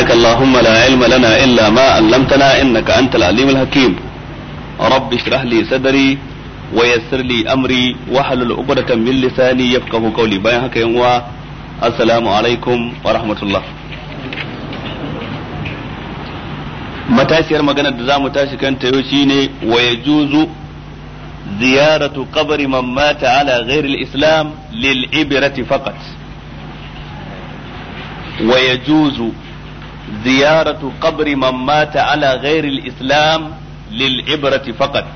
سبحانك اللهم لا علم لنا إلا ما علمتنا إنك أنت العليم الحكيم رب اشرح لي صدري ويسر لي أمري واحلل عقدة من لساني يفقه قولي بيان حكي السلام عليكم ورحمة الله متاسير مغانا دزام متاسكن يوشيني ويجوز زيارة قبر من مات على غير الإسلام للعبرة فقط ويجوز ziyaratu qabri man mata ala gairil islam lil ibrati fakat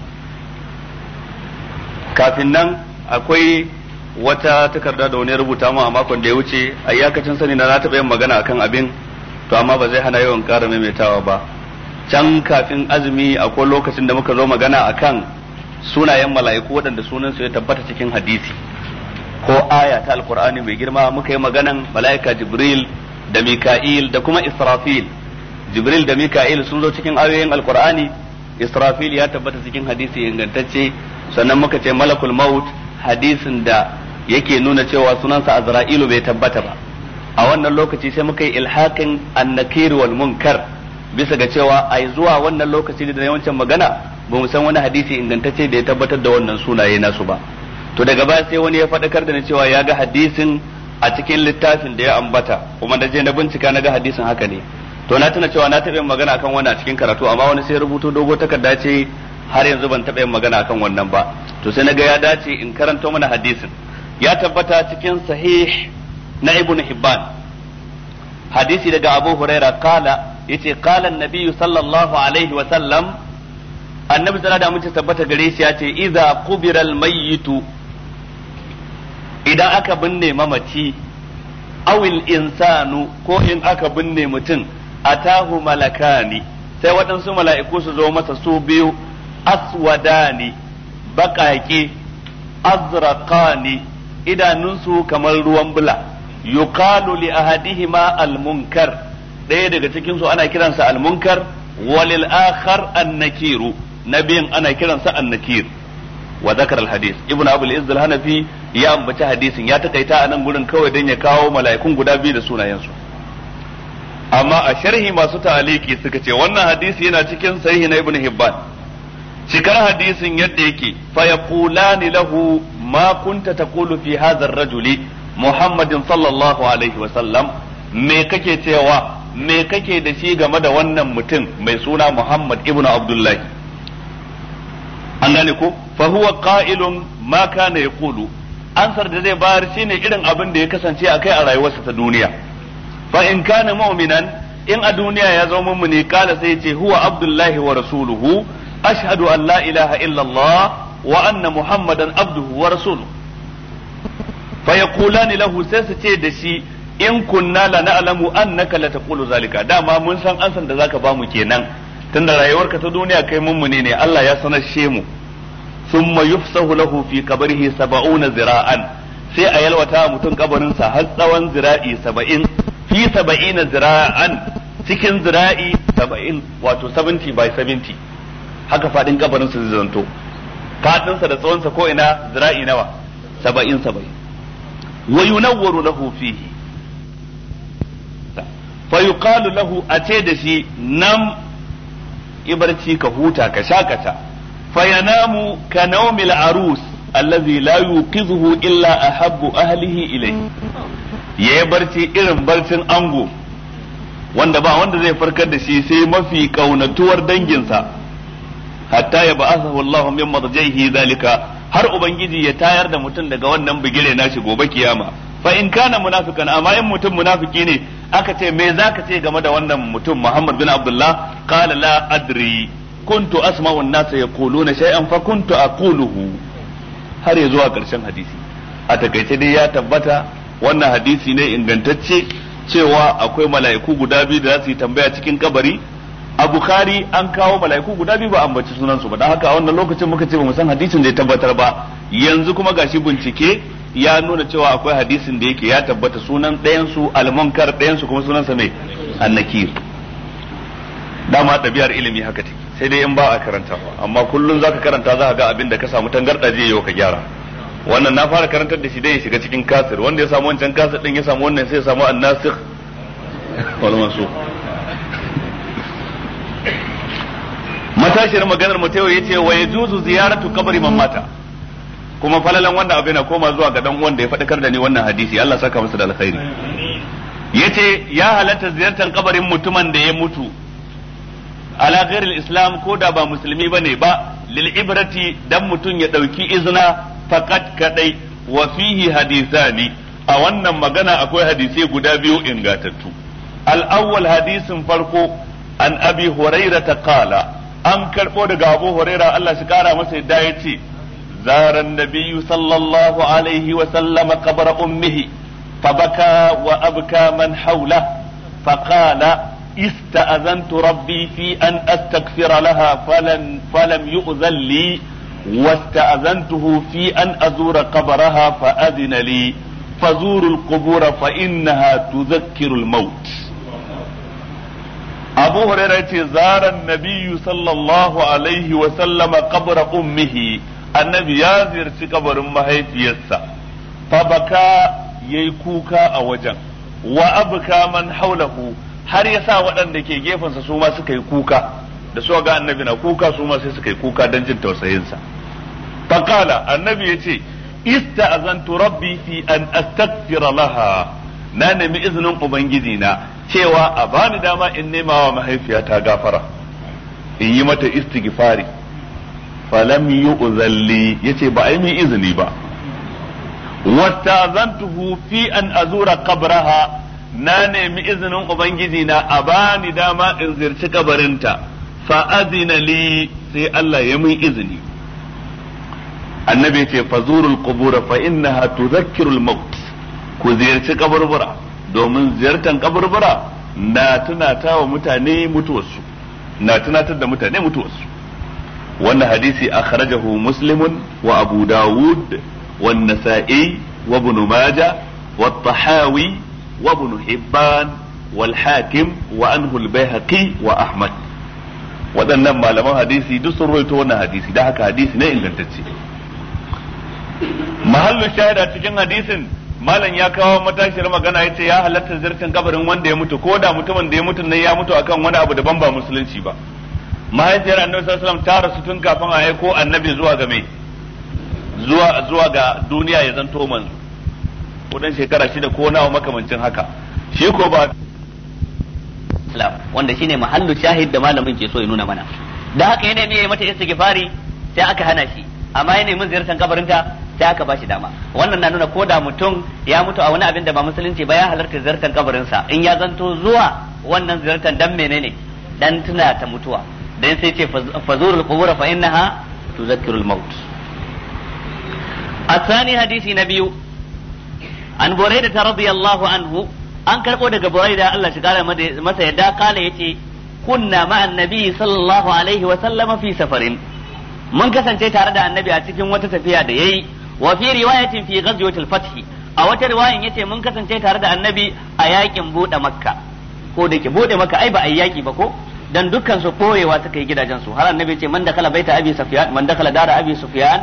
kafin nan akwai wata takarda da wani rubuta mu a makon da ya wuce a iyakacin sani na taɓa yin magana akan abin to amma ba zai hana yawan ƙara maimaitawa ba can kafin azumi akwai lokacin da muka zo magana akan sunayen mala'iku waɗanda sunansu ya tabbata cikin hadisi ko aya ta alkur'ani mai girma muka yi maganan mala'ika jibril da mika'il da kuma israfil jibril da mika'il sun zo cikin ayoyin alkur'ani israfil ya tabbata cikin hadisi ingantacce sannan muka ce malakul maut hadisin da yake nuna cewa sunansa azra'ilu bai tabbata ba a wannan lokaci sai muka yi ilhakin annakir wal munkar bisa ga cewa ai zuwa wannan lokaci da yawancin magana ba mu san wani hadisi ingantacce da ya tabbatar da wannan sunaye nasu ba to daga baya sai wani ya faɗakar da ni cewa ya ga hadisin a cikin littafin da ya ambata kuma na je na bincika na ga hadisin haka ne to na tuna cewa na taɓa yin magana akan wannan a cikin karatu amma wani sai rubuto dogo takarda ce har yanzu ban taɓa yin magana akan wannan ba to sai na ga ya dace in karanto mana hadisin ya tabbata cikin sahih na ibn hibban hadisi daga abu huraira kala yace kala annabi sallallahu alaihi wa sallam annabi sallallahu alaihi wa tabbata gare ce idza qubira al-mayyitu idan aka binne mamaci awil insanu ko in aka binne mutum atahu malakani sai waɗansu mala'iku su zo masa su biyu aswadani baƙaƙe azraqani idanunsu kamar ruwan bula yuqalu li ahadihima almunkar ɗaya daga cikin su ana kiransa almunkar walil akhar annakiru nabiyin ana kiransa annakir wa zakar alhadith ibnu abul izz al-hanafi ya ambaci hadisin ya takaita a nan gurin kawai don ya kawo mala'ikun guda biyu da sunayensu amma a sharhi masu ta'aliki suka ce wannan hadisi yana cikin sahihi na ibn hibban cikar hadisin yadda yake fa yaqulani lahu ma kunta taqulu fi hadha ar-rajuli muhammadin sallallahu alaihi wa sallam me kake cewa me kake da shi game da wannan mutum mai suna muhammad ibn abdullahi an gane ko fa huwa qa'ilun ma kana yaqulu ansar da zai bayar shine irin abin da ya kasance akai a rayuwarsa ta duniya fa in kana mu'minan in a duniya ya zama mummuni kala sai ce huwa abdullahi wa rasuluhu ashhadu an la ilaha illallah wa anna muhammadan abduhu wa rasuluhu fa yaqulani lahu sai su ce da shi in kunna la na'lamu annaka la taqulu zalika dama mun san ansar da zaka bamu kenan tunda rayuwarka ta duniya kai mummuni ne Allah ya sanar mu ثم يفسه له في قبره 70 zira'an sai a yalwata mutum kabarin sa har tsawon zira'i 70 fi 70 zira'an cikin zira'i 70 wato 70 by 70 haka fadin kabarin su zai zanto fadin da tsawon ko ina zira'i nawa 70 70 wa yunawwaru lahu fihi fa yuqalu lahu ace da shi nam ibarci ka huta ka shakata فينام كنوم العروس الذي لا يوقظه إلا أحب أهله إليه yayi barci irin barcin ango wanda ba wanda zai farkar da shi sai mafi kaunatuwar danginsa hatta ya ba'athahu Allahu min madjaihi zalika har ubangiji ya tayar da mutum daga wannan bigire shi gobe kiyama fa in kana munafikan amma in mutum munafiki ne aka ce me zaka ce game da wannan mutum Muhammad bin Abdullah qala la adri kuntu asma'u الناس يقولون شيئا فكنت أقوله kuntu يزوى har ya zuwa karshen hadisi a takaice dai ya tabbata wannan hadisi ne ingantacce cewa akwai mala'iku guda biyu da za su yi tambaya cikin kabari a bukhari an kawo mala'iku guda biyu ba ambaci sunan su ba dan haka a wannan lokacin muka ce ba mu san hadisin da ya tabbatar ba yanzu kuma gashi bincike ya nuna cewa akwai hadisin da yake ya tabbata sunan ɗayan su ɗayansu ɗayan su kuma sunan sa mai annakir dama ɗabi'ar ilimi haka take sai dai in ba a karanta amma kullum zaka karanta za ka ga abin da ka samu tangarɗa zai yi ka gyara wannan na fara karantar da shi dai ya shiga cikin kasir wanda ya samu wancan kasir din ya samu wannan sai ya samu annasikh wal mansukh matashiyar maganar mu tayo yace wa yajuzu ziyaratu qabri man mata kuma falalan wanda abin na koma zuwa ga dan uwan da ya faɗakar da ni wannan hadisi Allah saka masa da alkhairi yace ya halatta ziyartar kabarin mutumin da ya mutu ala ghairil islam ko da ba musulmi bane ba lil ibrati dan mutun ya dauki izna faqat kadai wa fihi hadithani a wannan magana akwai hadisi guda biyu ingatattu al awwal hadisin farko an abi hurairata kala. an karbo daga abu huraira Allah shi kara masa yadda yace زار النبي صلى الله ummihi وسلم قبر أمه فبكى وأبكى من حوله فقال استأذنت ربي في أن أستغفر لها فلن فلم يؤذن لي واستأذنته في أن أزور قبرها فأذن لي فزوروا القبور فإنها تذكر الموت أبو هريرة زار النبي صلى الله عليه وسلم قبر أمه النبي يازر في قبر أمه يسا فبكى يكوكا أوجا وأبكى من حوله har ya sa waɗanda ke gefensa su ma suka yi kuka da su ga annabi na kuka su ma sai suka yi kuka don jin tausayinsa fakala annabi ya ce. yace azantu rabbi fi an astaghfira laha na nemi izinin ubangiji na cewa a bani dama in nema wa mahaifiyata gafara in yi mata istighfari falam yu'zalli yace ba ai min izini ba Wata wasta'azantuhu fi an azura qabraha na nemi izinin ubangiji na a bani dama in zirci kabarinta fa adina li sai Allah ya mun izini annabi ce fazurul qubura fa innaha tudhakkirul maut ku ziyarci kaburbura domin ziyartar kaburbura na tunata wa mutane mutuwarsu na tunatar da mutane mutuwarsu wannan hadisi akhrajahu muslimun wa abu dawud wa nasa'i wa ibn majah wa tahawi وابن حبان والحاكم وأنه البيهقي وأحمد waɗannan malaman hadisi duk sun rawaito wannan hadisi da haka hadisi ne ingantacce mahallu shahida cikin hadisin malam ya kawo matashiyar magana ya ce ya halatta zirtan kabarin wanda ya mutu ko da mutumin da ya mutu ne ya mutu akan wani abu daban ba musulunci ba mahaifiyar annabi sallallahu alaihi wasallam ta rasu tun kafin a aiko annabi zuwa ga mai zuwa zuwa ga duniya ya zanto manzo ko dan shekara shida ko nawa makamancin haka shi ko ba wanda shine mahallu shahid da malamin ke so ya nuna mana da haka yana nemi mata istighfari sai aka hana shi amma yana nemi ziyartar kabarinta sai aka bashi dama wannan na nuna ko da mutum ya mutu a wani abin da ba musulunci ba ya halarta ziyartar kabarinsa in ya zanto zuwa wannan ziyartar dan menene dan tuna ta mutuwa dan sai ce fazurul qubur fa innaha tuzakkirul maut الثاني حديث نبيه an da ta radiyallahu anhu an karbo daga buraida Allah shi kara masa yadda kala yace kunna ma annabi sallallahu alaihi wa sallama fi safarin mun kasance tare da annabi a cikin wata tafiya da yayi wa fi riwayatin fi ghazwatil fath a wata riwayan yace mun kasance tare da annabi a yakin bude makka ko da ke bude makka ai ba ai yaki ba ko dan dukkan su boyewa suka yi gidajen su har annabi yace man dakala baita abi sufyan man dakala dara abi sufyan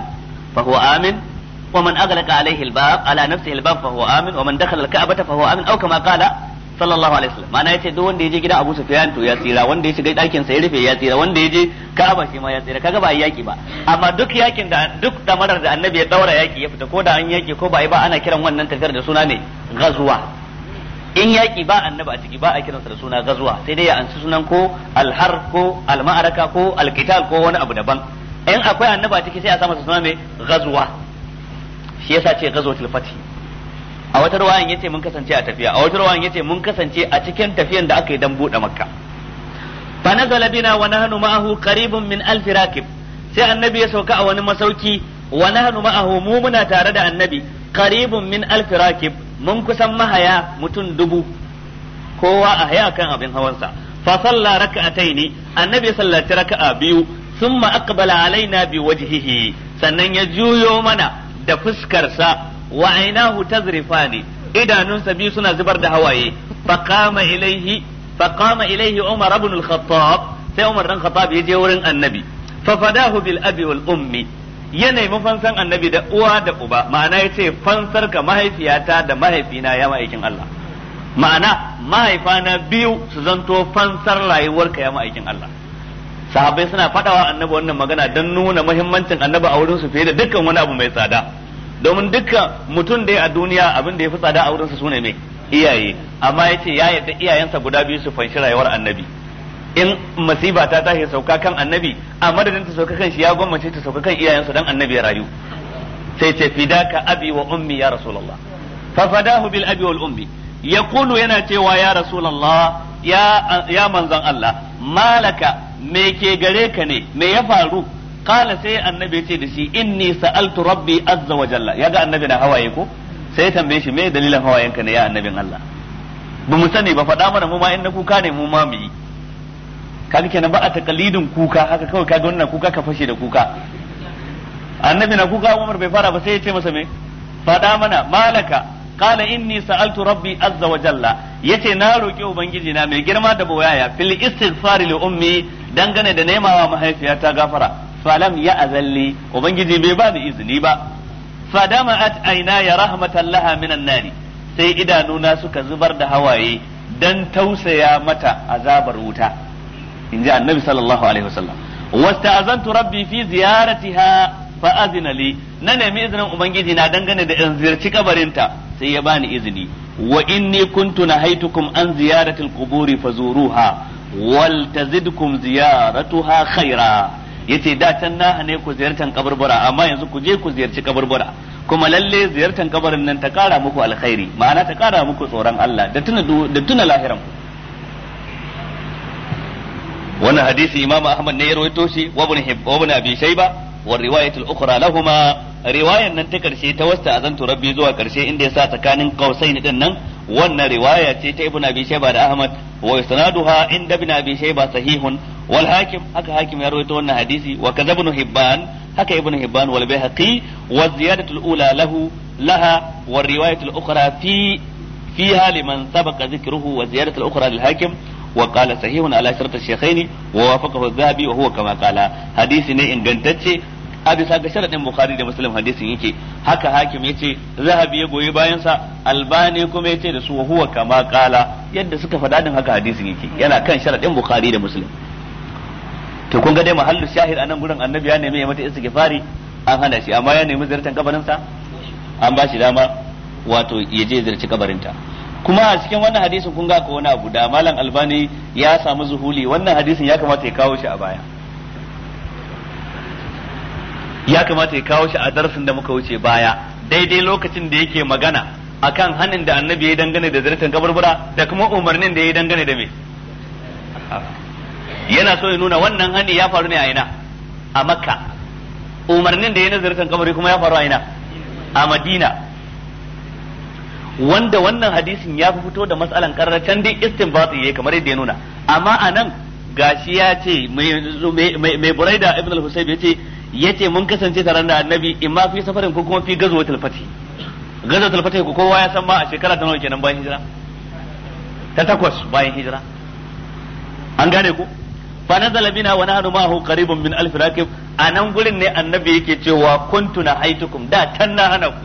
fa huwa amin ومن أغلق عليه الباب على نفسه الباب فهو آمن ومن دخل الكعبة فهو آمن أو كما قال sallallahu alaihi wasallam ma'ana yace duk wanda yaje gida Abu Sufyan to ya tsira wanda ya shiga ɗakin sa ya rufe ya tsira wanda yaje Ka'aba shi ma ya tsira kaga ba yaki ba amma duk yakin da duk damarar da Annabi ya daura yaki ya fita ko da an yaki ko ba ba ana kiran wannan tafiyar da suna ne gazuwa in yaki ba annabi a ciki ba a kiransa da suna gazuwa sai dai ya ansu sunan ko alhar ko alma'araka ko Alkital ko wani abu daban in akwai annabi a ciki sai a sa masa suna mai gazuwa shi yasa ce ghazwatul fath a wata ruwayan yace mun kasance a tafiya a wata ruwayan yace mun kasance a cikin tafiyan da aka yi dan bude makka fa nazala bina wa nahnu ma'ahu qaribun min alf rakib sai annabi ya sauka a wani masauki wa nahnu ma'ahu mu muna tare da annabi qaribun min alf rakib mun kusan mahaya mutum dubu kowa a haya kan abin hawansa fa salla raka'ataini annabi ya sallaci raka'a biyu thumma aqbala alaina bi wajhihi sannan ya juyo mana da fuskarsa wa ainahu ne idanunsa biyu suna zubar da hawaye faqama ilaihi faqama ilaihi umar ibn al-khattab sai umar dan khattab ya je wurin annabi fa fadahu bil abi wal ummi ya nemi fansan annabi da uwa da uba ma'ana yace fansar ka mahaifiyata da mahaifina ya ma'aikin Allah ma'ana mahaifana biyu su zanto fansar rayuwarka ya ma'aikin Allah Sahabai suna fadawa annabi wannan magana don nuna muhimmancin annabi a wurin fiye da dukkan wani abu mai tsada domin dukkan mutum da ya a duniya abin da ya fi tsada a wurin su sune mai iyaye amma yace ya yarda iyayensa guda biyu su fanshi rayuwar annabi in masiba ta tashi sauka kan annabi a madadin ta sauka kan shi ya gwammace ta sauka kan iyayensa dan annabi ya rayu sai ce fidaka abi wa ummi ya rasulullah fa fadahu bil abi wal ummi yaqulu yana cewa ya rasulullah ya ya manzon Allah malaka me ke gare ka ne me ya faru kala sai annabi ce da shi inni sa'altu rabbi azza wa jalla yaga annabi na hawaye ko sai ya tambaye shi me dalilin hawayenka ne ya annabin Allah ba mu sani ba faɗa mana mu ma in na kuka ne mu ma mu yi kaga kenan ba a takalidin kuka haka kawai kaga wannan kuka ka fashe da kuka annabi na kuka Umar bai fara ba sai ya ce masa me faɗa mana malaka qala inni sa'altu rabbi azza jalla yace na roki ubangiji na mai girma da boyaya fil istighfar li ummi dangane da nemawa mahaifiyata gafara falam ya azalli ubangiji bai ba izini ba fadama'at ya rahmatan laha minan nari sai idanuna suka zubar da hawaye dan tausaya mata azabar wuta inji annabi sallallahu alaihi wasallam wasta'azantu rabbi fi ziyaratiha fa azina na nemi izinin ubangiji na dangane da in ziyarci kabarinta sai ya bani izini wa inni kuntu nahaitukum an ziyaratil quburi fazuruha wal tazidkum ziyaratuha khaira yace da can na hane ku ziyartan kaburbura amma yanzu ku je ku ziyarci kaburbura kuma lalle ziyartan kabarin nan ta kara muku alkhairi ma'ana ta kara muku tsoron Allah da tuna da tuna lahiran wannan hadisi imamu ahmad ne ya rawaito shi wa ibn abi shayba wa riwayatul ukhra riwayan nan ta karshe ta wasta azantu rabbi zuwa karshe inda yasa tsakanin qausain din nan wannan riwaya ce ta ibnu abi shayba da ahmad wa isnaduha inda ibnu abi shayba sahihun wal hakim haka hakim ya rawaito wannan hadisi wa kaza ibnu hibban haka ibnu hibban wal bayhaqi wa ziyadatu ula lahu laha wa riwayatu al-ukhra fi fiha liman sabaqa dhikruhu wa ziyadatu al-ukhra lil hakim وقال صحيح على شرط الشيخين ووافقه الذهبي وهو كما قال حديث ne ingantacce a bisa ga sharadin bukhari da muslim hadisin yake haka hakim yace zahabi ya goyi bayan sa albani kuma yace da su huwa kama qala yadda suka faɗa din haka hadisin yake yana kan sharadin bukhari da muslim to kun ga dai mahallu shahid anan gurin annabi ya nemi ya mata istighfari an hana shi amma ya nemi ziyartar kabarin sa an ba shi dama wato ya je ziyarci kabarinta kuma a cikin wannan hadisin kun ga ko wani abu da malam albani ya samu zuhuli wannan hadisin ya kamata ya kawo shi a baya ya kamata ya kawo shi a darasin da muka wuce baya daidai lokacin da yake magana akan hannun da annabi ya dangane da zartan kabarbura da kuma umarnin da ya dangane da me yana so ya nuna wannan hani ya faru ne a ina a makka umarnin da ya nazartan kabari kuma ya faru a ina a madina wanda wannan hadisin ya fito da matsalan karar can dai istinbati yi kamar yadda ya nuna amma nan gashi ya ce mai buraida ibn al-husayb ya ce yace mun kasance tare da annabi in ma fi safarin ko kuma fi gazwatul fatih gazwatul fatih ko kowa ya san ma a shekara ta nawa kenan bayan hijira ta takwas bayan hijira an gane ko fa nazala bina wa nahnu ma'ahu qaribun min alf raqib anan gurin ne annabi yake cewa kuntu na haitukum da tan na hana ku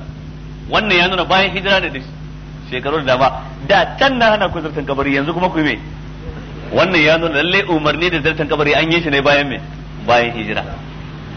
wannan ya nuna bayan hijira da shekaru da dama da tan na hana ku zartan kabari yanzu kuma ku me wannan ya nuna lalle umarni da zartan kabari an yi shi ne bayan me bayan hijira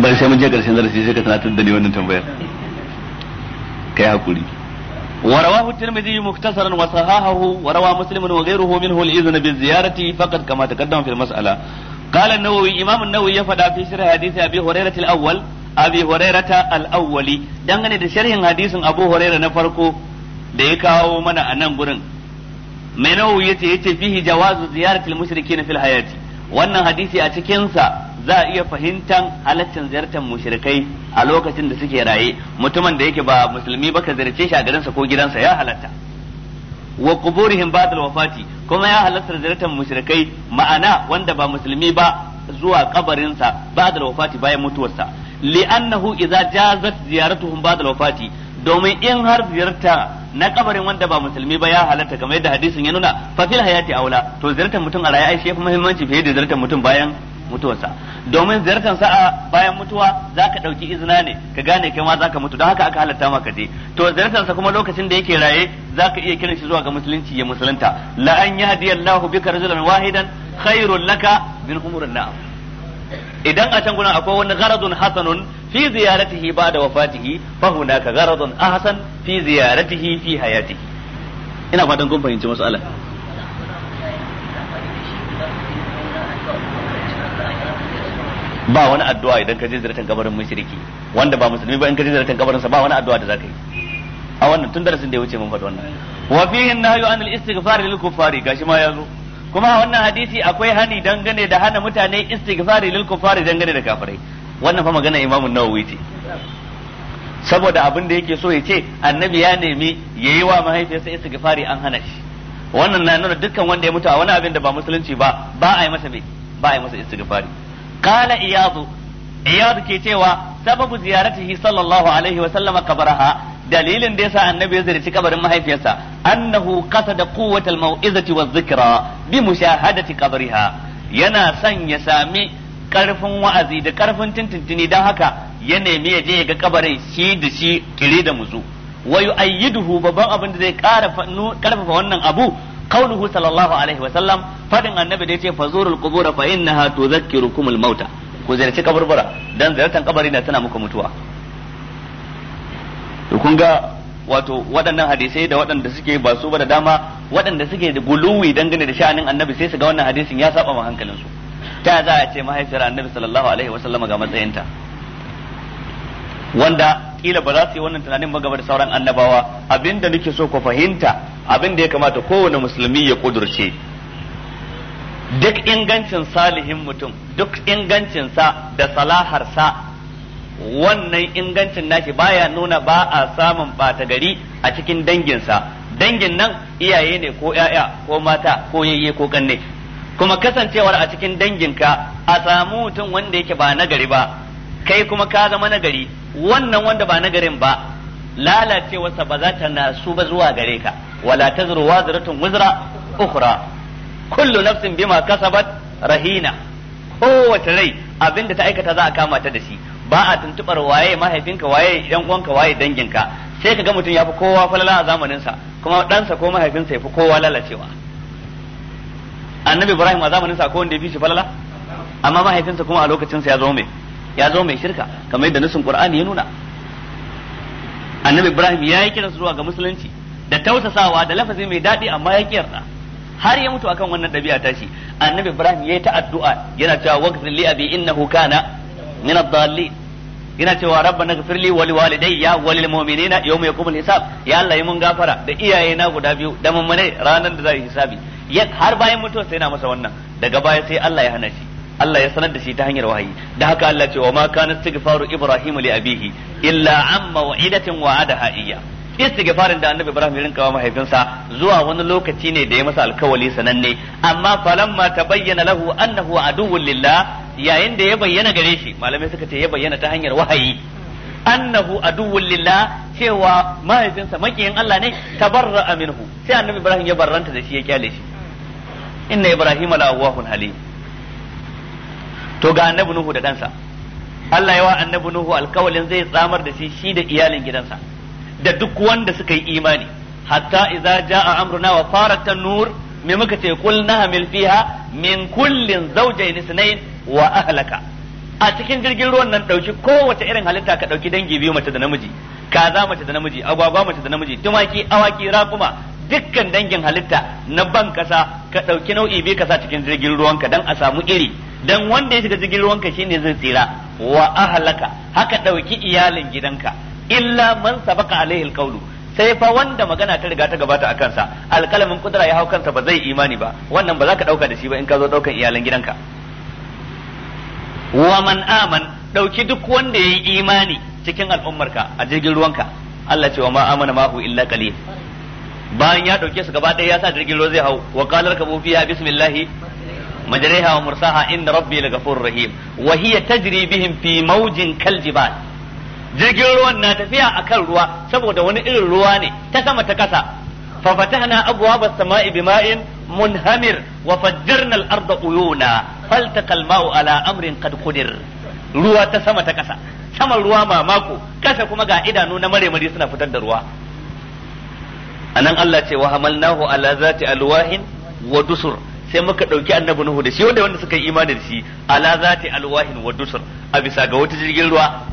bayan sai mun je karshen darasi sai ka tunatar da ni wannan tambayar kai hakuri ورواه الترمذي مختصرا وصححه وروى مسلم وغيره منه الاذن بالزياره فقد كما تقدم في المساله قال النووي امام النووي في شرح حديث ابي هريره الاول ابي هريره الاول da sharhin hadisin Abu Hurairah na farko da ya kawo mana a nan gurin mai nawawi yace yace fihi jawazu ziyaratil mushrikin fil hayati wannan hadisi a cikin sa za a iya fahimtan halaccin ziyartar mushrikai a lokacin da suke raye mutumin da yake ba musulmi ba ka ziyarce shi a garinsa ko gidansa ya halatta wa quburihim ba'da wafati kuma ya halatta ziyartar mushrikai ma'ana wanda ba musulmi ba zuwa kabarinsa ba'da wafati bayan mutuwarsa li'annahu idza jazat ziyaratuhum ba'da wafati domin in har ziyarta na kabarin wanda ba musulmi ba ya halatta kamar yadda hadisin ya nuna fa fil hayati aula to ziyartar mutum a raye ai shi yafi muhimmanci fiye da ziyartar mutum bayan mutuwarsa domin ziyartar sa'a bayan mutuwa za ka ɗauki izina ne ka gane kai ma za ka mutu don haka aka halatta maka je to ziyartar sa kuma lokacin da yake raye za ka iya kiran shi zuwa ga musulunci ya musulunta la an yahdiyallahu bika rajulan wahidan khairul laka min umurin na'am idan a can gurin akwai wani gharadun hasanun fi ziyaratihi ba'da wafatihi fa hunaka gharadun ahsan fi ziyaratihi fi hayatihi ina fatan kun fahimci mas'alar ba wani addu'a idan ka je ziyartar kabarin mushriki wanda ba musulmi ba in ka je ziyartar kabarin sa ba wani addu'a da zaka yi a wannan tun darasin da ya wuce mun faɗi wannan wa fihi nahyu anil istighfar lil kuffari gashi ma yazo kuma a wannan hadisi akwai hani dangane da hana mutane istighfar lil kuffari dangane da kafirai wannan fa magana imamu nawawi ce saboda abin da yake so ya ce annabi ya nemi yayi wa mahaifiyarsa istighfari an hana shi wannan na nuna dukkan wanda ya mutu a wani abin da ba musulunci ba ba a yi masa bai ba a yi masa istighfari qala iyadu iyadu ke cewa sababu ziyaratihi sallallahu alaihi wa sallama kabaraha dalilin da yasa annabi ya ziyarci kabarin mahaifiyarsa annahu qasada quwwatal mau'izati wa dhikra bi mu mushahadati kabariha. yana son ya sami ƙarfin wa'azi da karfin tintintini don haka ya nemi ya je ga kabarin shi da shi kire da muzu wa yu'ayyiduhu babban abin da zai karfafa wannan abu Kaunuhu sallallahu alaihi wa sallam fadin annabi da yace fazurul qubur fa innaha tudhakkirukumul mauta ku ziyarci kaburbura dan ziyartar kabari na tana muku mutuwa to kun ga wato waɗannan hadisai da waɗanda suke ba su ba da dama waɗanda suke da guluwi dangane da sha'anin annabi sai su ga wannan hadisin ya saba ma hankalinsu ta za a ce mahaifiyar annabi sallallahu alaihi wa sallama ga matsayinta wanda kila ba za su yi wannan tunanin ba da sauran annabawa abinda nake so ku fahimta abinda ya kamata kowane musulmi ya kudurce duk ingancin salihin mutum duk ingancinsa da salaharsa wannan ingancin nashi baya nuna ba a samun bata gari a cikin danginsa dangin nan iyaye ne ko 'ya'ya ko mata ko yayye ko kanne kuma kasancewar a cikin danginka a samu mutum wanda yake ba nagari ba kai kuma ka zama nagari wannan wanda ba nagarin ba lalacewarsa ba za ta nasu ba zuwa gare ka wala tazru wazratun wizra ukhra kullu nafsin bima kasabat rahina kowace rai abinda ta aikata za a kama ta da shi ba a tuntubar waye mahaifinka waye yan uwanka waye danginka sai kaga mutum ya fi kowa falala a zamanin sa kuma ɗansa ko mahaifinsa ya fi kowa lalacewa annabi ibrahim a zamanin sa ko wanda ya fi shi falala amma mahaifinsa kuma a lokacin sa ya zo mai ya zo mai shirka kamar yadda nasin qur'ani ya nuna annabi ibrahim ya yi kiransu zuwa ga musulunci da tausasawa da lafazi mai daɗi amma ya ƙi yarda har ya mutu akan wannan ɗabi'a ta shi annabi ibrahim ya yi ta addu'a yana cewa waghfir li abi innahu kana min ad-dallin yana cewa rabbana na li wa li walidayya wa lil mu'minina yawma yaqumul hisab ya Allah yi mun gafara da iyaye na guda biyu da mummune ranar da za yi hisabi har bayan mutuwa sai na masa wannan daga baya sai Allah ya hana shi Allah ya sanar da shi ta hanyar wahayi da haka Allah ce wa ma kana istighfaru ibrahim li abihi illa an maw'idatin wa'adaha iyya istighfarin da annabi ibrahim ya rinka wa mahaifinsa zuwa wani lokaci ne da ya masa alkawali sananne amma falamma tabayyana lahu annahu aduwwun lillah yayin da ya bayyana gare shi malamai suka ce ya bayyana ta hanyar wahayi annahu aduwwun lillah cewa mahaifinsa makiyin Allah ne tabarra'a minhu sai annabi ibrahim ya barranta da shi ya kyale shi inna ibrahima la'awwahun halim to ga annabi nuhu da dansa. Allah ya wa annabi nuhu alkawalin zai tsamar da shi shi da iyalin gidansa da duk wanda suka yi imani hatta idza jaa amruna wa farat nur me muka ce kul nahmil fiha min kullin zawjayn isnayn wa ahlaka a cikin jirgin ruwan nan dauki kowace irin halitta ka dauki dangi biyu mace da namiji kaza mace da namiji agwagwa mace da namiji tumaki awaki rafuma dukkan dangin halitta na ban kasa ka ɗauki nau'i biyu kasa cikin jirgin ruwanka dan a samu iri dan wanda ya shiga cikin ruwanka shine zai tsira wa ahlaka haka dauki iyalin gidanka illa man sabaka alaihi alqawlu sai fa wanda magana ta riga ta gabata a kansa alkalamin kudura ya hau kansa ba zai imani ba wannan ba za ka dauka da shi ba in ka zo daukan iyalan gidanka wa man aman dauki duk wanda yayi imani cikin al'ummarka a jirgin ruwanka Allah ce wa ma amana hu illa qalil bayan ya dauke su gaba ɗaya ya sa jirgin ruwa zai hau wa qalar bu fiya bismillah majriha wa mursaha inna rabbi laghafurur rahim wa hiya tajri bihim fi jirgin ruwan na tafiya akan ruwa saboda wani irin ruwa ne ta sama ta kasa fa fatahna abwaaba as-sama'i bima'in munhamir wa fajjarna al-arda uyuna faltaqa al-ma'u ala amrin qad qudir ruwa ta sama ta kasa sama ruwa mamako kasa kuma ga idanu na mare mare suna fitar da ruwa anan Allah ce wa hamalnahu ala zati alwahin wa dusur sai muka dauki annabi nuhu da shi wanda wanda suka yi imani da shi ala zati alwahin wa dusur a bisa ga wata jirgin ruwa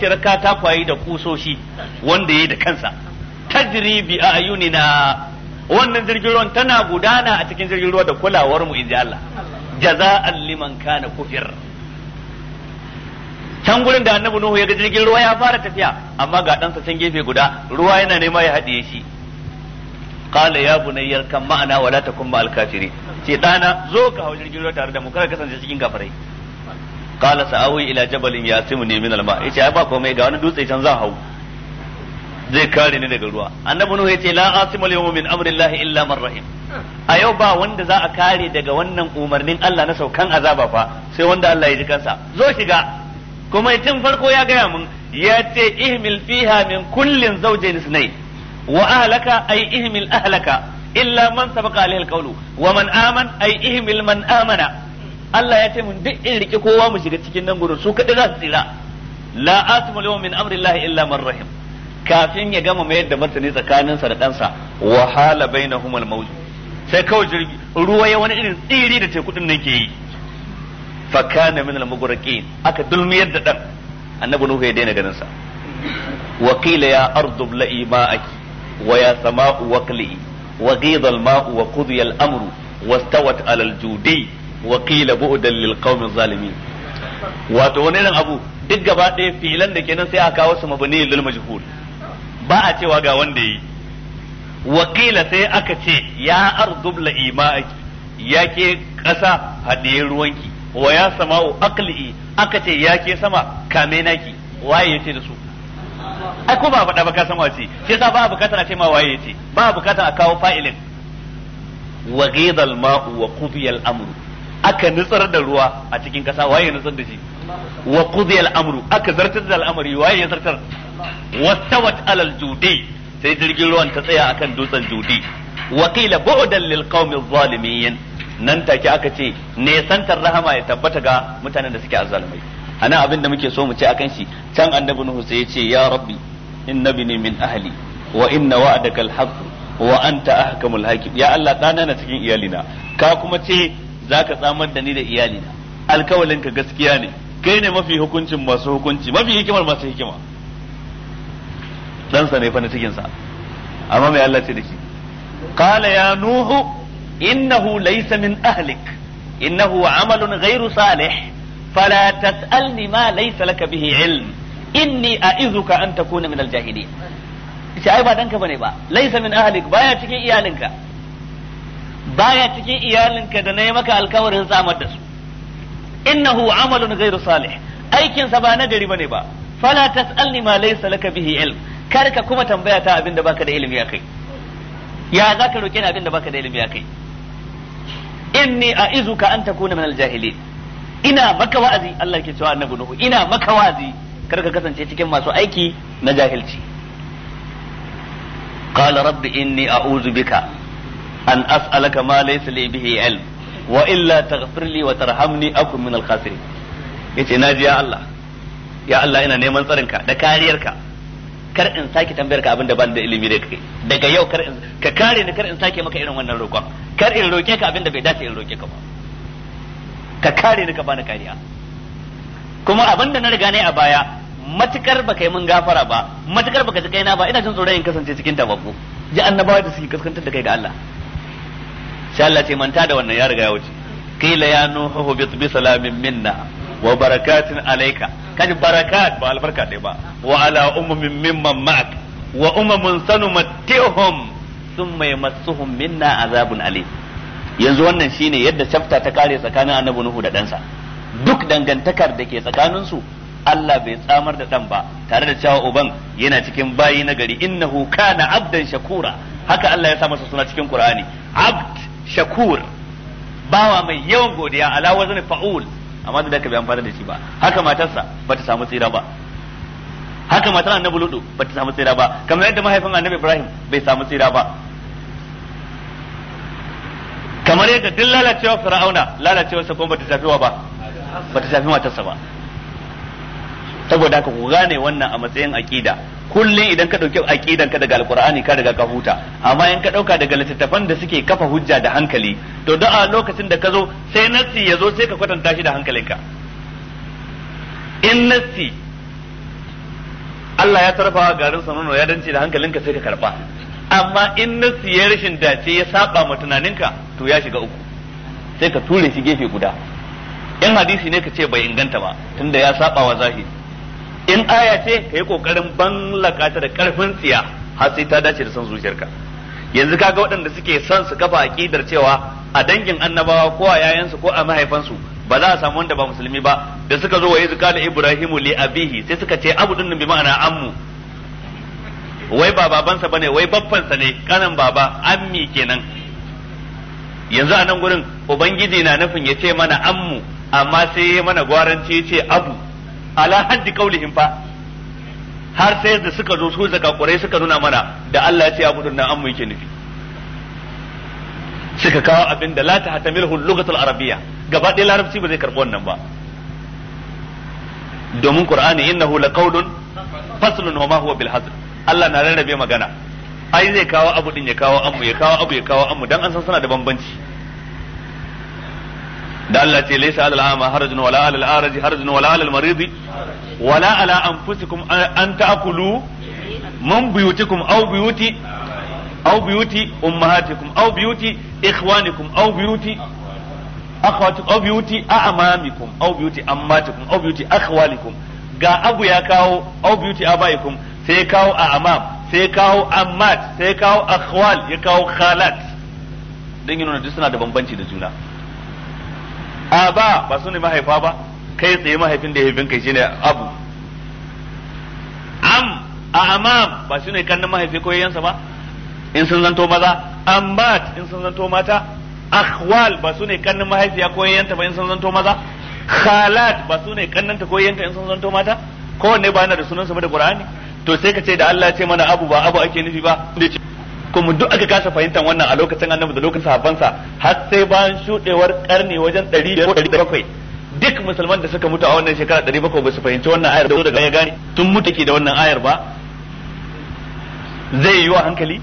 ta katakwaye da kusoshi wanda yayi da kansa tajri bi ayunina wannan jirgin ruwan tana gudana a cikin jirgin ruwa da kulawar mu inji Allah jaza'an liman kana kufir can gurin da annabi nuhu ya ga jirgin ruwa ya fara tafiya amma ga ɗansa can gefe guda ruwa yana nema ya haɗiye shi kala ya bunayya kan ma'ana wala ta kuma kafirin ce dana zo ka hau jirgin ruwa tare da mu kada kasance cikin kafirai qala sa'awi ila jabalin ne min alma yace ai ba komai ga wani dutse can zan hau zai kare ni daga ruwa annabi nuhu yace la asima al min amrillahi illa man rahim a yau ba wanda za a kare daga wannan umarnin Allah na saukan azaba fa sai wanda Allah ya ji kansa zo shiga kuma tun farko ya gaya mun yace ce ihmil fiha min kullin zawjayn isnayn wa ahlaka ay ihmil ahlaka illa man sabaqa alaihi alqawlu wa man aman ay ihmil man amana Allah ya ce mun duk in rike kowa mu shiga cikin nan gurin su kadai za su tsira la asmu lahu min amri Allah illa man rahim kafin ya gama mayar da martani tsakaninsa da ɗansa wa hala bainahumul mawj sai kawai jirgi ruwa ya wani irin tsiri da tekudin nan ke yi fa kana min al-mughraqin aka dulmiyar da dan annabi nuhu ya daina ganin sa wa qila ya ardu bla'i ma'aki ويا سماء وقلئي وغيض الماء وقضي الأمر واستوت على الجودي وقيل بؤدا للقوم الظالمين واتونين abu duk gaba ɗaya filan da kenan sai a kawo su mabani lil majhul ba a cewa ga wanda yi wakila sai aka ce ya ardubla ima'aki ya ke ƙasa haɗe ruwanki wa ya sama'u aqli'i aka ce ya ke sama kame naki waye yace da su ai ko ba a faɗa ba ka san wace shi yasa ba a bukatar a ce ma waye yace ba a bukatar a kawo fa'ilin wa ghidha mau wa qudiya al-amru aka nutsar da ruwa a cikin kasa waye ya nutsar da shi wa qudiya al-amru aka zartar da al'amari waye ya zartar wastawat alal judi sai jirgin ruwan ta tsaya akan dutsen judi wa qila bu'dan lil qaumi adh-dhalimin nan take aka ce nesantar rahama ya tabbata ga mutanen da suke azzalumai Ana abin da muke so mu ce akan shi can annabi nuhu sai ya ce ya rabbi innabi ne min ahli wa inna wa'adaka alhaq wa anta ahkamul hakim ya Allah dana na cikin iyalina ka kuma ce zaka tsamar da ni da iyalina alkawalin ka gaskiya ne kai ne mafi hukuncin masu hukunci mafi hikimar masu hikima dan sa ne fa na cikin sa amma mai Allah ce da shi qala ya nuhu innahu laysa min ahlik innahu amalun ghayru salih fala tas'alni ma laysa laka bihi ilm inni a'izuka an takuna min al-jahilin shi ai ba danka bane ba laysa min ahlik baya cikin cikin iyalinka da nayi maka alkawarin samar da su innahu amalun ghairu salih aikin sa ba na gari bane ba fala tas'alni ma laysa laka bihi ilm kar ka kuma tambaya ta abin da da ilimi akai ya zaka roke ni da ilimi akai an ina maka wa'azi Allah yake cewa annabi nuhu ina maka wa'azi kar ka kasance cikin masu aiki na jahilci qala rabbi inni a'udhu bika an as'alaka ma laysa li bihi ilm wa illa taghfir li wa tarhamni akun min al khasirin yace naji ya Allah ya Allah ina neman tsarinka da kariyarka kar in sake tambayar ka abin da ban da ilimi da kai daga yau kar in ka kare ni kar in sake maka irin wannan roƙon kar in roke ka abin da bai dace in roke ka ba ka kare ni ka bani kariya kuma abin da na riga ne a baya matukar ba kai mun gafara ba matukar baka ji na ba ina jin tsoron in kasance cikin tababbu ji annabawa da suke kaskantar da kai ga Allah sha Allah ce manta da wannan ya riga ya wuce Kila ya nuhu bi bi salamin minna wa barakatun alayka kaji barakat ba albarka dai ba wa ala ummin mimman ma'ak wa ummun sun thumma yamassuhum minna azabun alim yanzu wannan shi ne yadda chapter ta kare tsakanin annabi nuhu da ɗansa duk dangantakar da ke tsakaninsu Allah bai tsamar da ɗan ba tare da cewa uban yana cikin bayi na gari innahu kana abdan shakura haka Allah ya sa masa suna cikin Qur'ani abd shakur bawa mai yawan godiya ala wazn fa'ul amma da ka bai amfana da shi ba haka matarsa bata samu tsira ba haka matar annabi ludu bata samu tsira ba kamar yadda mahaifin annabi Ibrahim bai samu tsira ba kamar yadda duk lalacewa fir'auna lalacewa sa kuma bata shafi wa ba bata shafi matarsa ba saboda haka ku gane wannan a matsayin aqida kullum idan ka dauki aqidan ka daga alqur'ani ka daga ka huta amma in ka dauka daga littattafan da suke kafa hujja da hankali to da lokacin da ka zo sai nassi ya zo sai ka kwatanta shi da hankalinka in nassi Allah ya tarfa garin sa ya dance da hankalinka sai ka karba amma in na ya rashin dace ya saba ma tunaninka to ya shiga uku sai ka ture shi gefe guda in hadisi ne ka ce bai inganta ba tunda ya saba wa zahiri in aya ce ka yi kokarin ban lakata da karfin tsiya har sai ta dace da son zuciyarka yanzu kaga waɗanda suke son su kafa aƙidar cewa a dangin annabawa ko a yayansu ko a mahaifansu ba za a samu wanda ba musulmi ba da suka zo wa yanzu da ibrahimu li abihi sai suka ce abu din bi ma'ana ammu wai ba babansa bane wai baffansa ne kanan baba ammi kenan yanzu a nan gurin ubangiji na nufin ya ce mana ammu amma sai ya mana gwaranci ya ce abu ala haddi kaulihim fa har sai da suka zo su kurai suka nuna mana da Allah ya ce abu na ammu yake nufi suka kawo abin da la ta hatamilhu lughatul arabiyya gaba ɗaya larabci ba zai karɓi wannan ba domin qur'ani innahu laqawlun faslun wa ma huwa bil hazl Allah na rarrabe magana ai zai kawo abu din ya kawo ammu ya kawo abu ya kawo ammu dan an san suna da bambanci da Allah ce laysa alal ama harajun wala alal araji harajun wala alal marid wala ala anfusikum an taakulu man buyutikum aw buyuti aw buyuti ummahatikum aw buyuti ikhwanikum aw buyuti akhwatikum aw buyuti a'mamikum aw buyuti ammatikum aw buyuti akhwalikum ga abu ya kawo aw buyuti abaikum sai kawo a amam sai kawo ammat sai kawo akhwal ya kawo khalat don yi nuna duk suna da bambanci da juna a ba su ne mahaifa ba kai tsaye mahaifin da ya haifin kai shi ne abu am a amam ba su ne kannin mahaifi ko yayyansa ba in sun zanto maza ammat in sun zanto mata akhwal ba su ne kannin mahaifiya ko yayyanta ba in sun zanto maza khalat ba su ne kannanta ko yayyanta in sun zanto mata kowanne ba yana da sunansa ba da qur'ani to sai ka ce da Allah ce mana abu ba abu ake nufi ba kuma duk aka kasa fahimtar wannan a lokacin annabi da lokacin sahabbansa har sai bayan shudewar karni wajen 100 duk musulman da suka mutu a wannan shekara 700 ba su fahimci wannan ayar da daga ya gane tun mutu ke da wannan ayar ba zai yi wa hankali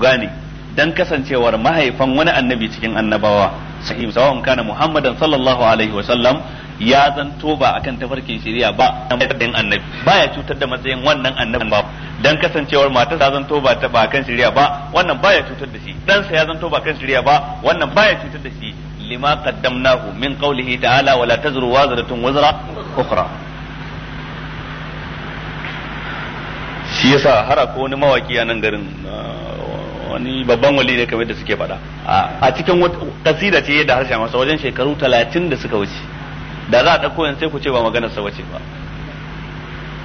gane dan kasancewar mahaifan wani annabi cikin annabawa sahih sawan kana muhammadan sallallahu alaihi wa sallam ya zanto ba akan tafarkin shari'a ba matsayin annabi baya cutar da matsayin wannan annabin ba dan kasancewar matar ta zanto ba ta ba kan shari'a ba wannan baya cutar da shi dan sa ya zanto ba kan shari'a ba wannan baya cutar da shi lima qaddamnahu min qawlihi ta'ala wala tazru wazratun wazra ukhra shi yasa har akwai wani mawaki a nan garin ah, wani babban wali ne kamar da suke faɗa a cikin kasida ce da harshen masa wajen shekaru talatin da suka wuce da za a ɗauko yanzu sai ku ce ba maganar sa wace ba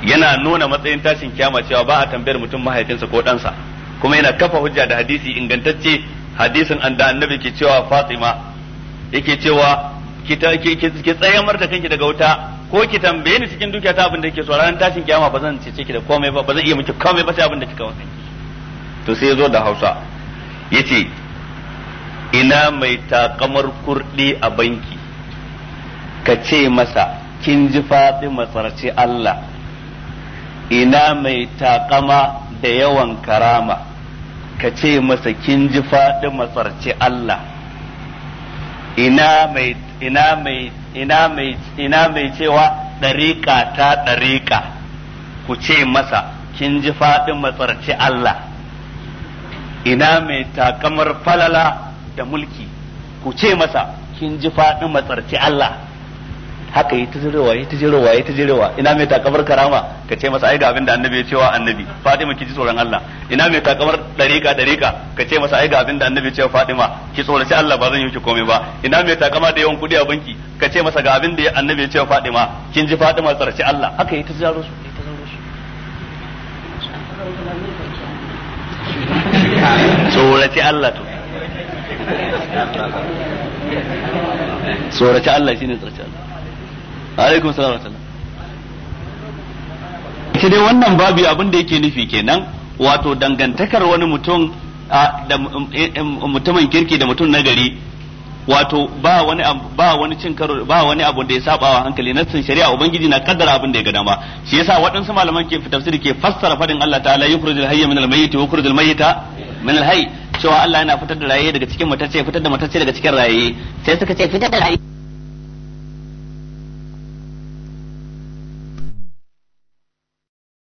yana nuna matsayin tashin kiyama cewa ba a tambayar mutum mahaifinsa ko ɗansa kuma yana kafa hujja da hadisi ingantacce hadisin an da annabi ke cewa fatima yake cewa ki ta ki tsayar da kanki daga wuta ko ki tambaye ni cikin dukiya ta abin da kike so ranar tashin kiyama ba zan cece ki da komai ba ba zan iya miki komai ba sai abin da kika wa to sai ya zo da Hausa yace ina mai takamar kurdi a banki ka ce masa kin ji faɗi masarci Allah ina mai takama da yawan karama ka ce masa kin ji faɗi masarci Allah ina mai ina mai ina mai ina mai cewa ɗariƙa ta ɗariƙa? ku ce masa kin ji Fatima matsarci Allah ina mai takamar falala da mulki ku ce masa kin ji faɗi matsarci Allah haka yi tajirowa yi tajirowa yi tajirowa ina mai takamar karama ka ce masa ai ga abin da annabi ya cewa annabi Fatima ki ji tsoron Allah ina mai takamar dariƙa dariƙa ka ce masa ai ga abin da annabi ya cewa Fatima ki tsoraci Allah ba zan yi ki komai ba ina mai takama da yawan kudi a banki ka ce masa ga abin da annabi ya cewa Fatima kin ji Fatima tsarci Allah haka yi tajiro su tsoraci Allah to tsoraci Allah shine tsarci Allah alaikum salam shi dai wannan babu abin da yake nufi kenan wato dangantakar wani mutum da um, eh, um, mutumin kirki da mutum nagari wato ba wani ba wani cin karo ba wani abu da ya saba wa hankali na sun shari'a ubangiji na kaddara abin da ya ga dama shi yasa waɗansu malaman ke tafsiri ke fassara fadin Allah ta'ala yukhrujul hayya minal mayyit wa yukhrujul mayyita minal hayy cewa Allah yana fitar da raye daga cikin matacce fitar da matacce daga cikin raye sai suka ce fitar da raye